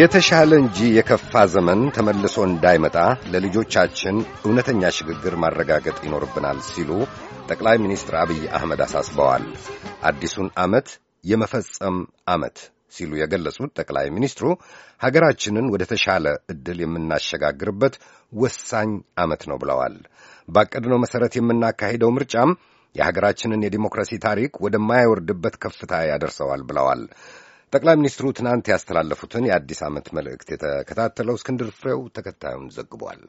የተሻለ እንጂ የከፋ ዘመን ተመልሶ እንዳይመጣ ለልጆቻችን እውነተኛ ሽግግር ማረጋገጥ ይኖርብናል ሲሉ ጠቅላይ ሚኒስትር አብይ አህመድ አሳስበዋል። አዲሱን ዓመት የመፈጸም ዓመት ሲሉ የገለጹት ጠቅላይ ሚኒስትሩ ሀገራችንን ወደ ተሻለ ዕድል የምናሸጋግርበት ወሳኝ ዓመት ነው ብለዋል። ባቀድነው መሠረት የምናካሄደው ምርጫም የሀገራችንን የዲሞክራሲ ታሪክ ወደማይወርድበት ከፍታ ያደርሰዋል ብለዋል። ጠቅላይ ሚኒስትሩ ትናንት ያስተላለፉትን የአዲስ ዓመት መልእክት የተከታተለው እስክንድር ፍሬው ተከታዩን ዘግቧል።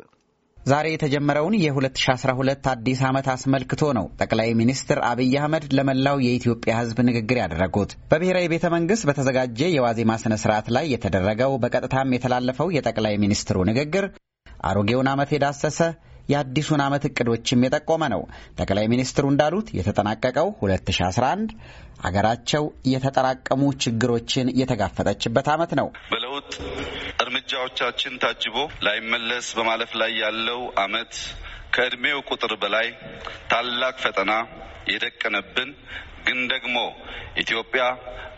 ዛሬ የተጀመረውን የ2012 አዲስ ዓመት አስመልክቶ ነው ጠቅላይ ሚኒስትር አብይ አህመድ ለመላው የኢትዮጵያ ሕዝብ ንግግር ያደረጉት። በብሔራዊ ቤተ መንግሥት በተዘጋጀ የዋዜማ ሥነ ሥርዓት ላይ የተደረገው በቀጥታም የተላለፈው የጠቅላይ ሚኒስትሩ ንግግር አሮጌውን ዓመት የዳሰሰ የአዲሱን ዓመት እቅዶችም የጠቆመ ነው። ጠቅላይ ሚኒስትሩ እንዳሉት የተጠናቀቀው 2011 አገራቸው የተጠራቀሙ ችግሮችን የተጋፈጠችበት ዓመት ነው። በለውጥ እርምጃዎቻችን ታጅቦ ላይመለስ በማለፍ ላይ ያለው ዓመት ከዕድሜው ቁጥር በላይ ታላቅ ፈተና የደቀነብን ግን ደግሞ ኢትዮጵያ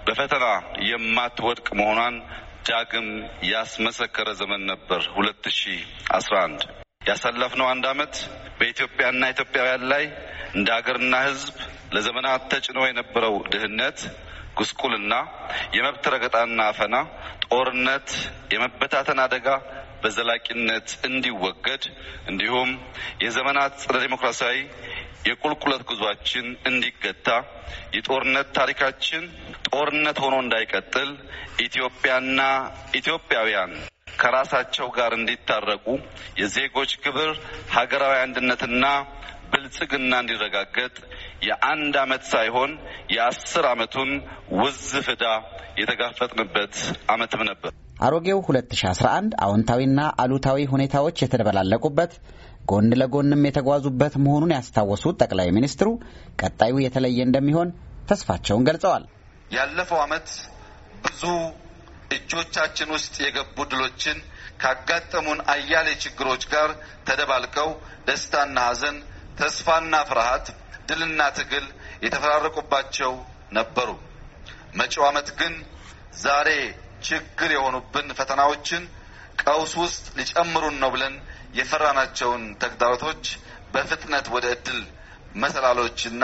በፈተና የማትወድቅ መሆኗን ዳግም ያስመሰከረ ዘመን ነበር 2011 ያሳለፍነው አንድ አመት በኢትዮጵያና ኢትዮጵያውያን ላይ እንደ አገርና ህዝብ ለዘመናት ተጭኖ የነበረው ድህነት፣ ጉስቁልና፣ የመብት ረገጣና አፈና፣ ጦርነት፣ የመበታተን አደጋ በዘላቂነት እንዲወገድ እንዲሁም የዘመናት ጸረ ዴሞክራሲያዊ የቁልቁለት ጉዟችን እንዲገታ የጦርነት ታሪካችን ጦርነት ሆኖ እንዳይቀጥል ኢትዮጵያና ኢትዮጵያውያን ከራሳቸው ጋር እንዲታረቁ የዜጎች ክብር፣ ሀገራዊ አንድነትና ብልጽግና እንዲረጋገጥ የአንድ ዓመት ሳይሆን የአስር ዓመቱን ውዝፍ ዕዳ የተጋፈጥንበት ዓመትም ነበር። አሮጌው 2011 አዎንታዊና አሉታዊ ሁኔታዎች የተደበላለቁበት ጎን ለጎንም የተጓዙበት መሆኑን ያስታወሱት ጠቅላይ ሚኒስትሩ ቀጣዩ የተለየ እንደሚሆን ተስፋቸውን ገልጸዋል። ያለፈው ዓመት ብዙ እጆቻችን ውስጥ የገቡ ድሎችን ካጋጠሙን አያሌ ችግሮች ጋር ተደባልቀው ደስታና ሐዘን፣ ተስፋና ፍርሃት፣ ድልና ትግል የተፈራረቁባቸው ነበሩ። መጪው ዓመት ግን ዛሬ ችግር የሆኑብን ፈተናዎችን ቀውስ ውስጥ ሊጨምሩን ነው ብለን የፈራናቸውን ተግዳሮቶች በፍጥነት ወደ እድል መሰላሎችና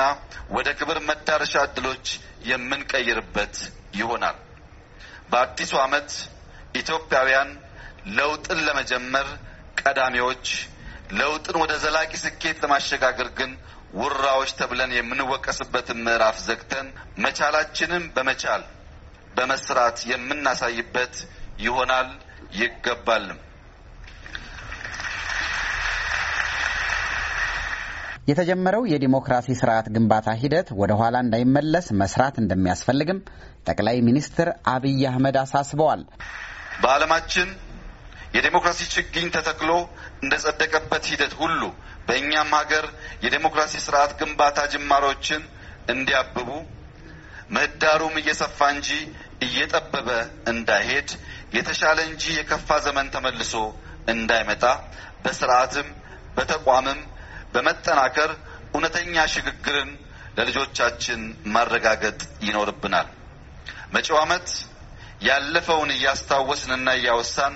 ወደ ክብር መዳረሻ እድሎች የምንቀይርበት ይሆናል። በአዲሱ ዓመት ኢትዮጵያውያን ለውጥን ለመጀመር ቀዳሚዎች፣ ለውጥን ወደ ዘላቂ ስኬት ለማሸጋገር ግን ውራዎች ተብለን የምንወቀስበትን ምዕራፍ ዘግተን መቻላችንም በመቻል በመስራት የምናሳይበት ይሆናል ይገባልም። የተጀመረው የዲሞክራሲ ስርዓት ግንባታ ሂደት ወደ ኋላ እንዳይመለስ መስራት እንደሚያስፈልግም ጠቅላይ ሚኒስትር አብይ አህመድ አሳስበዋል። በዓለማችን የዴሞክራሲ ችግኝ ተተክሎ እንደ ጸደቀበት ሂደት ሁሉ በእኛም ሀገር የዴሞክራሲ ስርዓት ግንባታ ጅማሮችን እንዲያብቡ ምህዳሩም እየሰፋ እንጂ እየጠበበ እንዳይሄድ የተሻለ እንጂ የከፋ ዘመን ተመልሶ እንዳይመጣ በስርዓትም በተቋምም በመጠናከር እውነተኛ ሽግግርን ለልጆቻችን ማረጋገጥ ይኖርብናል። መጪው ዓመት ያለፈውን እያስታወስንና እያወሳን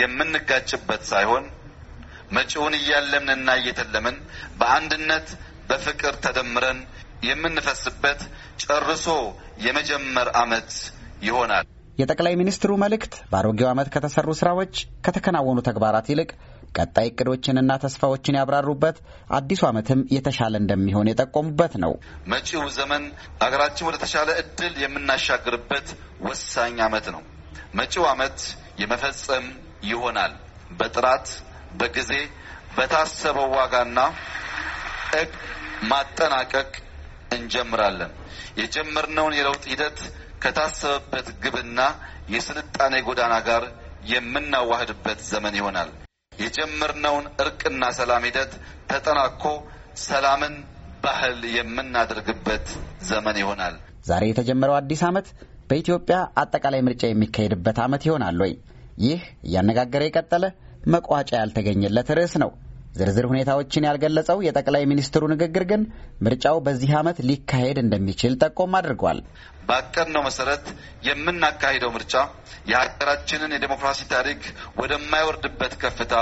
የምንጋጭበት ሳይሆን መጪውን እያለምንና እየተለምን በአንድነት በፍቅር ተደምረን የምንፈስበት ጨርሶ የመጀመር ዓመት ይሆናል። የጠቅላይ ሚኒስትሩ መልእክት በአሮጌው ዓመት ከተሰሩ ስራዎች ከተከናወኑ ተግባራት ይልቅ ቀጣይ እቅዶችንና ተስፋዎችን ያብራሩበት፣ አዲሱ ዓመትም የተሻለ እንደሚሆን የጠቆሙበት ነው። መጪው ዘመን ሀገራችን ወደ ተሻለ እድል የምናሻግርበት ወሳኝ ዓመት ነው። መጪው ዓመት የመፈጸም ይሆናል። በጥራት በጊዜ በታሰበው ዋጋና እቅ ማጠናቀቅ እንጀምራለን። የጀመርነውን የለውጥ ሂደት ከታሰበበት ግብና የስልጣኔ ጎዳና ጋር የምናዋህድበት ዘመን ይሆናል። የጀመርነውን እርቅና ሰላም ሂደት ተጠናኮ ሰላምን ባህል የምናደርግበት ዘመን ይሆናል። ዛሬ የተጀመረው አዲስ ዓመት በኢትዮጵያ አጠቃላይ ምርጫ የሚካሄድበት ዓመት ይሆናል ወይ? ይህ እያነጋገረ የቀጠለ መቋጫ ያልተገኘለት ርዕስ ነው። ዝርዝር ሁኔታዎችን ያልገለጸው የጠቅላይ ሚኒስትሩ ንግግር ግን ምርጫው በዚህ ዓመት ሊካሄድ እንደሚችል ጠቆም አድርጓል። ባቀድነው መሰረት የምናካሄደው ምርጫ የሀገራችንን የዴሞክራሲ ታሪክ ወደማይወርድበት ከፍታ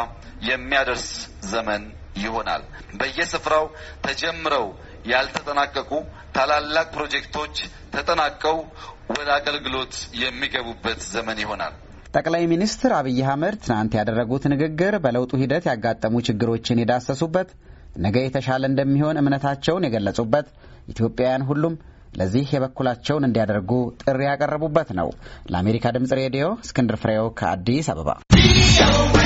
የሚያደርስ ዘመን ይሆናል። በየስፍራው ተጀምረው ያልተጠናቀቁ ታላላቅ ፕሮጀክቶች ተጠናቀው ወደ አገልግሎት የሚገቡበት ዘመን ይሆናል። ጠቅላይ ሚኒስትር አብይ አህመድ ትናንት ያደረጉት ንግግር በለውጡ ሂደት ያጋጠሙ ችግሮችን የዳሰሱበት፣ ነገ የተሻለ እንደሚሆን እምነታቸውን የገለጹበት፣ ኢትዮጵያውያን ሁሉም ለዚህ የበኩላቸውን እንዲያደርጉ ጥሪ ያቀረቡበት ነው። ለአሜሪካ ድምጽ ሬዲዮ እስክንድር ፍሬው ከአዲስ አበባ